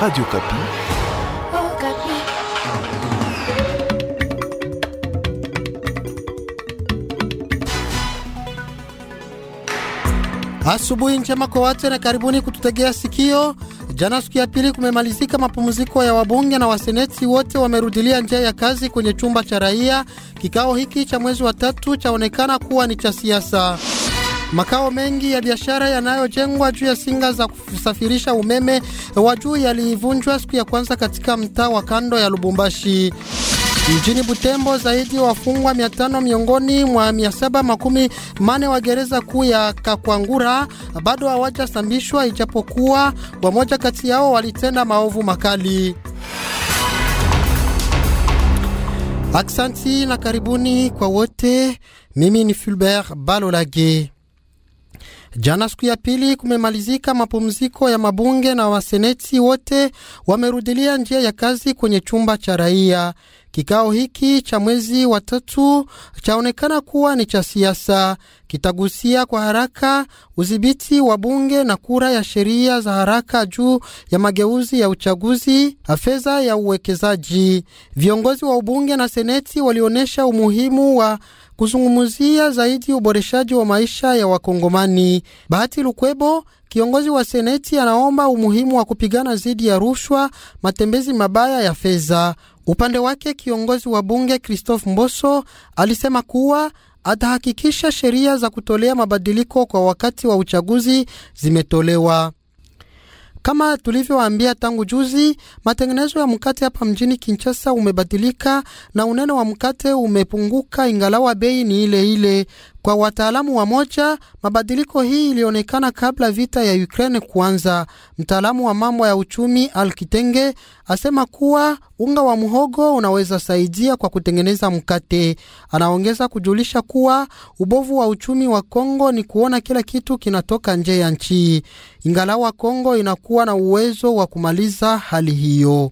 Radio Kapi. Oh, Kapi. Asubuhi njema kwa wote na karibuni kututegea sikio. Jana siku ya pili kumemalizika mapumziko ya wabunge na waseneti wote wamerudilia njia ya kazi kwenye chumba cha raia. Kikao hiki cha mwezi wa tatu chaonekana kuwa ni cha siasa. Makao mengi ya biashara yanayojengwa juu ya singa za kusafirisha umeme wa juu yalivunjwa siku ya kwanza katika mtaa wa kando ya Lubumbashi. Mjini Butembo zaidi wafungwa 500 miongoni mwa 740 wa gereza kuu ya Kakwangura bado hawajasambishwa ijapokuwa wamoja kati yao walitenda maovu makali. Aksanti na karibuni kwa wote. Mimi ni Fulbert Balolage. Jana siku ya pili kumemalizika mapumziko ya mabunge na waseneti wote wamerudilia njia ya kazi kwenye chumba cha raia. Kikao hiki cha mwezi wa tatu chaonekana kuwa ni cha siasa, kitagusia kwa haraka udhibiti wa bunge na kura ya sheria za haraka juu ya mageuzi ya uchaguzi, afedha ya uwekezaji. Viongozi wa ubunge na seneti walionyesha umuhimu wa kuzungumzia zaidi uboreshaji wa maisha ya Wakongomani. Bahati Lukwebo, kiongozi wa seneti, anaomba umuhimu wa kupigana dhidi ya rushwa, matembezi mabaya ya fedha. Upande wake kiongozi wa bunge Christophe Mboso alisema kuwa atahakikisha sheria za kutolea mabadiliko kwa wakati wa uchaguzi zimetolewa. Kama tulivyoambia tangu juzi, matengenezo ya mkate hapa mjini Kinshasa umebadilika na unene wa mkate umepunguka, ingalawa bei ni ile ile. Kwa wataalamu wa moja, mabadiliko hii ilionekana kabla vita ya Ukraine kuanza. Mtaalamu wa mambo ya uchumi Alkitenge asema kuwa unga wa mhogo unaweza saidia kwa kutengeneza mkate. Anaongeza kujulisha kuwa ubovu wa uchumi wa Kongo ni kuona kila kitu kinatoka nje ya nchi, ingalawa Kongo inakuwa na uwezo wa kumaliza hali hiyo.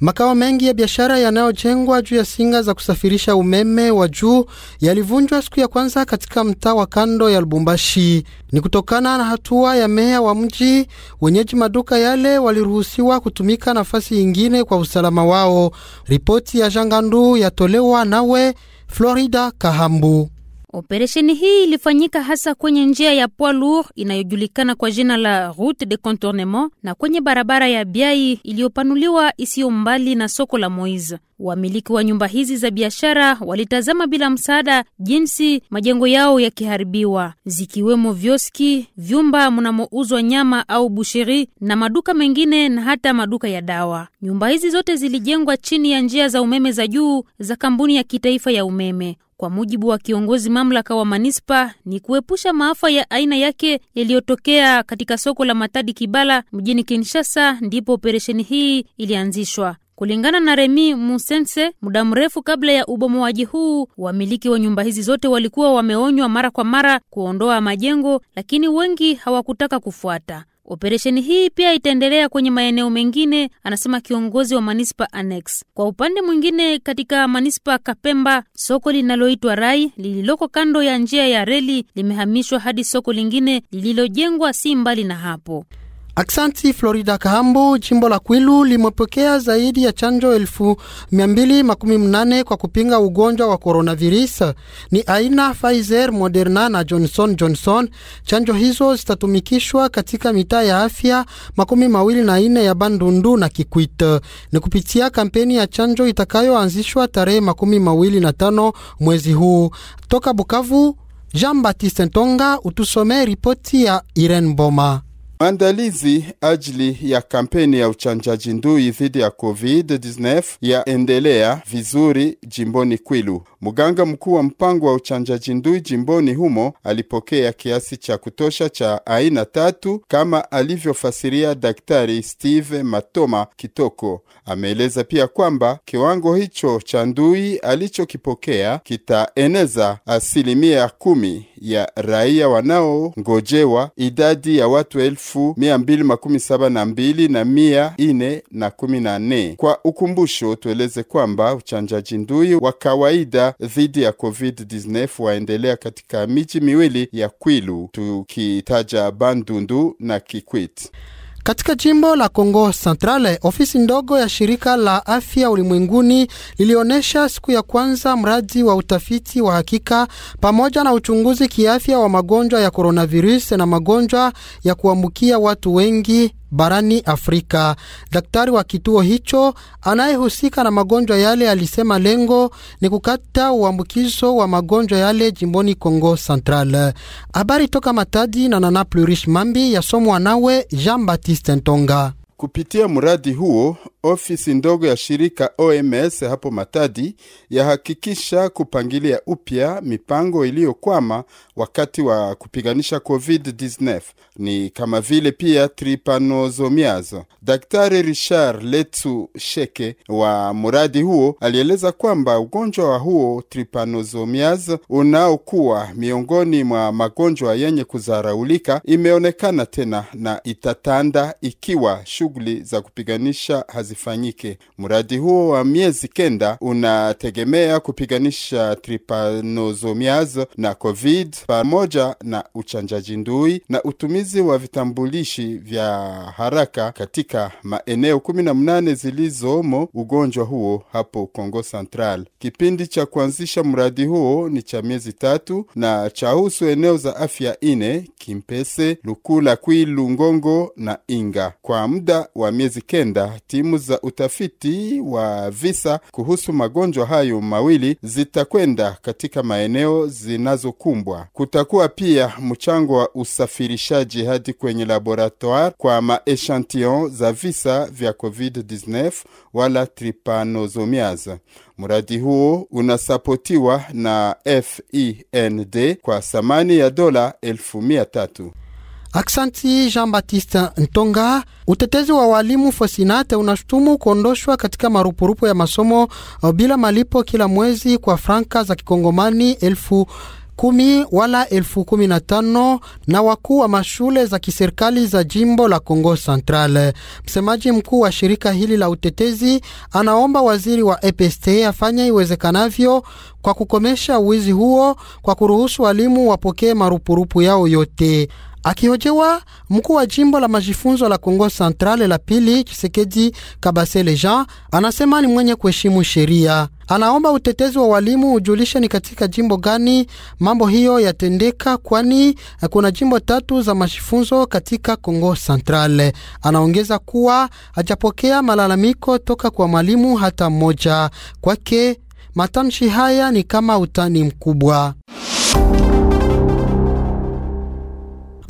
Makao mengi ya biashara yanayojengwa juu ya singa za kusafirisha umeme wa juu yalivunjwa siku ya kwanza katika mtaa wa kando ya Lubumbashi. Ni kutokana na hatua ya meya wa mji, wenyeji maduka yale waliruhusiwa kutumika nafasi yingine kwa usalama wao. Ripoti ya Jangandu yatolewa nawe Florida Kahambu. Operesheni hii ilifanyika hasa kwenye njia ya Poids Lourd inayojulikana kwa jina la Route de Contournement na kwenye barabara ya Biai iliyopanuliwa isiyo mbali na soko la Moise. Wamiliki wa nyumba hizi za biashara walitazama bila msaada jinsi majengo yao yakiharibiwa, zikiwemo vioski, vyumba mnamouzwa nyama au busheri na maduka mengine na hata maduka ya dawa. Nyumba hizi zote zilijengwa chini ya njia za umeme za juu za kampuni ya kitaifa ya umeme. Kwa mujibu wa kiongozi mamlaka wa manispa, ni kuepusha maafa ya aina yake yaliyotokea katika soko la Matadi Kibala mjini Kinshasa, ndipo operesheni hii ilianzishwa. Kulingana na Remi Musense, muda mrefu kabla ya ubomoaji huu, wamiliki wa nyumba hizi zote walikuwa wameonywa mara kwa mara kuondoa majengo, lakini wengi hawakutaka kufuata. Operesheni hii pia itaendelea kwenye maeneo mengine, anasema kiongozi wa manispa Annex. Kwa upande mwingine, katika manispa Kapemba, soko linaloitwa Rai lililoko kando ya njia ya reli limehamishwa hadi soko lingine lililojengwa si mbali na hapo. Aksanti Florida Kahambu, jimbo la Kwilu limepokea zaidi ya chanjo elfu mnane kwa kupinga ugonjwa wa coronavirus, ni aina Pfizer, Moderna na Johnson Johnson. Chanjo hizo zitatumikishwa katika mitaa ya afya makumi mawili na ine ya Bandundu na Kikwit, ni kupitia kampeni ya chanjo itakayoanzishwa tarehe makumi mawili na tano mwezi huu. Toka Bukavu, Jean Baptiste Ntonga utusomee ripoti ya Irene Boma. Maandalizi ajili ya kampeni ya uchanjaji ndui dhidi ya COVID-19 yaendelea vizuri jimboni Kwilu. Mganga mkuu wa mpango wa uchanjaji ndui jimboni humo alipokea kiasi cha kutosha cha aina tatu kama alivyofasiria Daktari Steve Matoma Kitoko. Ameeleza pia kwamba kiwango hicho cha ndui alichokipokea kitaeneza asilimia kumi ya raia wanaongojewa idadi ya watu elfu mia mbili makumi saba na mbili na mia ine na kumi na nne. Kwa ukumbusho, tueleze kwamba uchanjaji ndui wa kawaida dhidi ya COVID-19 waendelea katika miji miwili ya Kwilu tukitaja Bandundu na Kikwit. Katika jimbo la congo Centrale, ofisi ndogo ya shirika la afya ulimwenguni lilionyesha siku ya kwanza mradi wa utafiti wa hakika pamoja na uchunguzi kiafya wa magonjwa ya coronavirus na magonjwa ya kuambukia watu wengi barani Afrika. Daktari wa kituo hicho anayehusika na magonjwa yale alisema lengo ni kukata uambukizo wa magonjwa yale jimboni congo Central. Habari toka Matadi na Nana Plurish Mambi yasomwa nawe Jean Baptiste Ntonga. Kupitia mradi huo, ofisi ndogo ya shirika OMS hapo Matadi yahakikisha kupangilia upya mipango iliyokwama wakati wa kupiganisha COVID-19 ni kama vile pia tripanozomiazo Daktari Richard Letu Sheke wa mradi huo alieleza kwamba ugonjwa wa huo tripanozomias unaokuwa miongoni mwa magonjwa yenye kuzaraulika imeonekana tena na itatanda ikiwa shughuli za kupiganisha hazifanyike. Mradi huo wa miezi kenda unategemea kupiganisha tripanozomiazo na COVID pamoja na uchanjaji ndui na utumizi wa vitambulishi vya haraka katika maeneo mnane zilizomo ugonjwa huo hapo Kongo Central. Kipindi cha kuanzisha mradi huo ni cha miezi tatu na chahusu eneo za afya ine Kimpese, Lukula, Kwilu, Ngongo na Inga. Kwa muda wa miezi kenda, timu za utafiti wa visa kuhusu magonjwa hayo mawili zitakwenda katika maeneo zinazokumbwa Kutakuwa pia mchango wa usafirishaji hadi kwenye laboratoire kwa maechantillon za visa vya COVID-19 wala tripanozomiaza. Mradi huo unasapotiwa na FIND kwa thamani ya dola elfu mia tatu. Aksanti Jean-Baptiste Ntonga. Utetezi wa walimu Fosinate unashutumu kuondoshwa katika marupurupu ya masomo bila malipo kila mwezi kwa franka za kikongomani elfu kumi wala elfu kumi na tano na wakuu wa mashule za kiserikali za jimbo la Kongo Central. Msemaji mkuu wa shirika hili la utetezi anaomba waziri wa EPST afanye iwezekanavyo kwa kukomesha wizi huo kwa kuruhusu walimu wapokee marupurupu yao yote akihojewa mkuu wa jimbo la majifunzo la Kongo Centrale la pili Chisekedi Kabasele Jean anasema ni mwenye kuheshimu sheria. Anaomba utetezi wa walimu ujulishe ni katika jimbo gani mambo hiyo yatendeka, kwani kuna jimbo tatu za majifunzo katika Kongo Centrale. Anaongeza kuwa hajapokea malalamiko toka kwa mwalimu hata mmoja. Kwake matamshi haya ni kama utani mkubwa.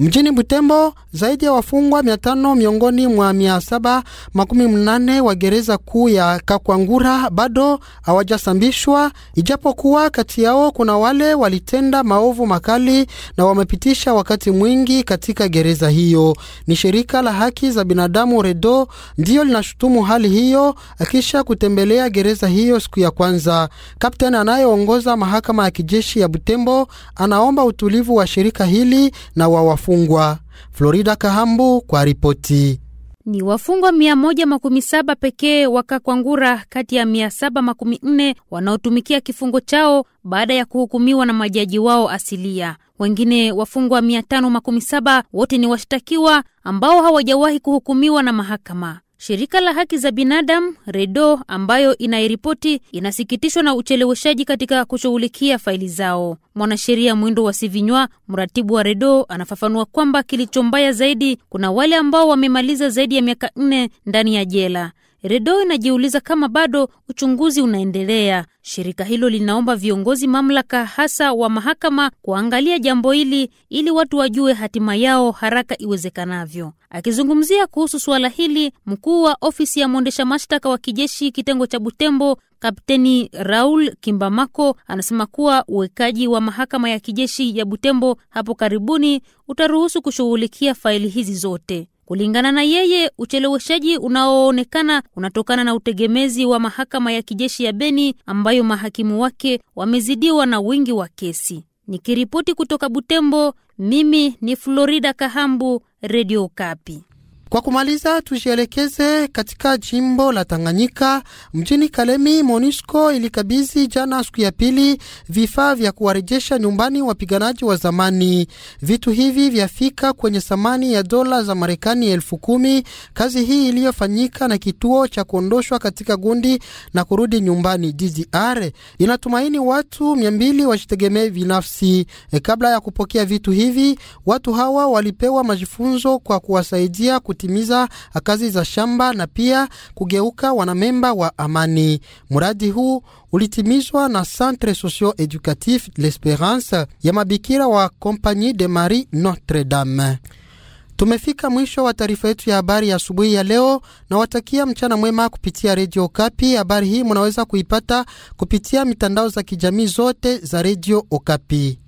Mjini Butembo, zaidi ya wafungwa mia tano miongoni mwa mia saba makumi mnane wa gereza kuu ya Kakwangura bado hawajasambishwa, ijapokuwa kati yao kuna wale walitenda maovu makali na wamepitisha wakati mwingi katika gereza hiyo. Ni shirika la haki za binadamu Redo ndiyo linashutumu hali hiyo, akisha kutembelea gereza hiyo siku ya kwanza. Kapteni anayeongoza mahakama ya kijeshi ya Butembo anaomba utulivu wa shirika hili na wa wafungwa wafungwa. Florida Kahambu kwa ripoti. Ni wafungwa mia moja makumi saba pekee wakakwangura kati ya mia saba makumi nne wanaotumikia kifungo chao baada ya kuhukumiwa na majaji wao asilia. Wengine wafungwa mia tano makumi saba wote ni washtakiwa ambao hawajawahi kuhukumiwa na mahakama. Shirika la haki za binadamu REDO ambayo inairipoti inasikitishwa na ucheleweshaji katika kushughulikia faili zao. Mwanasheria Mwindo wa Sivinywa, mratibu wa REDO, anafafanua kwamba kilicho mbaya zaidi, kuna wale ambao wamemaliza zaidi ya miaka nne ndani ya jela. Redo inajiuliza kama bado uchunguzi unaendelea. Shirika hilo linaomba viongozi mamlaka, hasa wa mahakama, kuangalia jambo hili ili watu wajue hatima yao haraka iwezekanavyo. Akizungumzia kuhusu suala hili, mkuu wa ofisi ya mwendesha mashtaka wa kijeshi kitengo cha Butembo, Kapteni Raul Kimbamako, anasema kuwa uwekaji wa mahakama ya kijeshi ya Butembo hapo karibuni utaruhusu kushughulikia faili hizi zote. Kulingana na yeye, ucheleweshaji unaoonekana unatokana na utegemezi wa mahakama ya kijeshi ya Beni ambayo mahakimu wake wamezidiwa na wingi wa kesi. Nikiripoti kutoka Butembo, mimi ni Florida Kahambu, Radio Kapi. Kwa kumaliza, tujielekeze katika jimbo la Tanganyika. Mjini Kalemi, MONUSCO ilikabidhi jana, siku ya pili, vifaa vya kuwarejesha nyumbani wapiganaji wa zamani. Vitu hivi vyafika kwenye thamani ya dola za Marekani elfu kumi. Kazi hii iliyofanyika na kituo cha kuondoshwa katika gundi na kurudi nyumbani DDR inatumaini watu mia mbili wajitegemee binafsi. E, kabla ya kupokea vitu hivi, watu hawa walipewa majifunzo kwa kuwasaidia kutimiza kazi za shamba na pia kugeuka wanamemba wa amani. Mradi huu ulitimizwa na Centre Socio Educatif L'Esperance ya mabikira wa Compagnie de Marie Notre Dame. Tumefika mwisho wa taarifa yetu ya habari ya asubuhi ya leo, na watakia mchana mwema kupitia redio Okapi. Habari hii munaweza kuipata kupitia mitandao za kijamii zote za redio Okapi.